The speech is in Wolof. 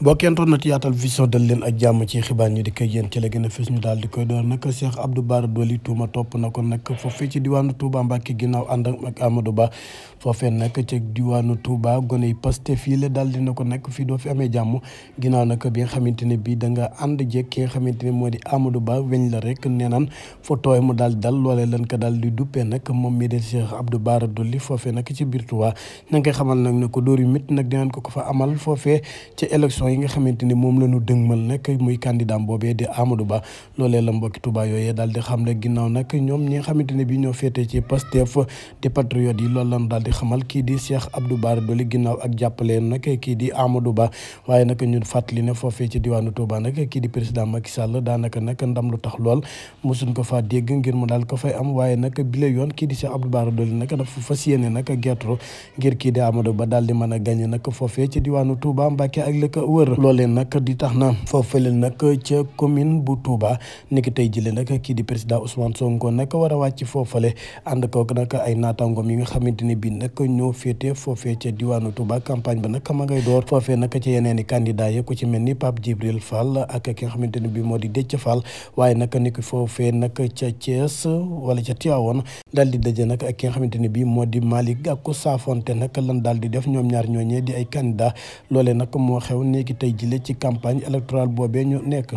mbokkentoon na ci yaatal vision dal leen ak jàmm ci xibaar ñi di koy yéen ci la gën a fës ñu daal di koy door nag Cheikh Abdou Bara Dolly tuuma topp na ko nag foofee ci diwaanu Touba Mbacke ginnaaw ànd ak Amadou Ba foofee nag ci diwaanu Touba gone yi fii la daal dina ko nag fii doo fi amee jàmm ginnaaw nag bi nga xamante ne bii da nga ànd jeeg nga xamante ne moo di Amadou Ba weñ la rek nee naan photo yi mu daal dal loolee lan ko daal di duppee nag moom mi di Cheikh Abdou Bara Dolly foofee nag ci biir Touba ña ngi koy xamal nag ne ko dóor yu métti nag dinañ ko ko fa amal foofe ci élection élection yi nga xamante ni moom la ñu dëngmal nag muy candidat boobee di Amadou Ba loolee la mbokki Touba yooyee daal di xamle ginnaaw nag ñoom ñi nga xamante ne bi ñoo féetee ci Pastef di patriote yi loolu lañu daal di xamal kii di Cheikh Abdou Bara Dolly ginnaaw ak di Amadou Ba waaye nag ñun fàttali ne foofee ci diwaanu kii di président Macky daanaka nag ndam lu tax lool mosuñ ko faa dégg ngir mu daal ko fay am waaye nag bile yoon kii di Cheikh Abdou Bara Dolly nag dafa fas yéene nag gertu ngir kii di Amadou Ba daal di mën a gañe nag foofee ci diwaanu Touba Mbacké ak lëkka wër loolee nag di tax na foofale nag ca commune bu Touba niki tey jëlee nag kii di président Ousmane Sonko nag war a wàcc foofale ànd kook nag ay naataangoom yi nga xamante ne bii nag ñoo féete foofee ca diwaanu Touba campagne ba nag ma ngay door foofee nag ca yeneen i candidat yi ku ci mel ni Pape Djibril Fall ak ki nga xamante bii moo di Déthié Fall waaye nag niki foofee nag ca Thiès wala ca Tivaouane dal di daje nag ak ki nga xamante bii moo di Malick Gakou saafonte nag lan daal di def ñoom ñaar ñooñee niki tey jile ci campagne électorale boobee ñu nekk.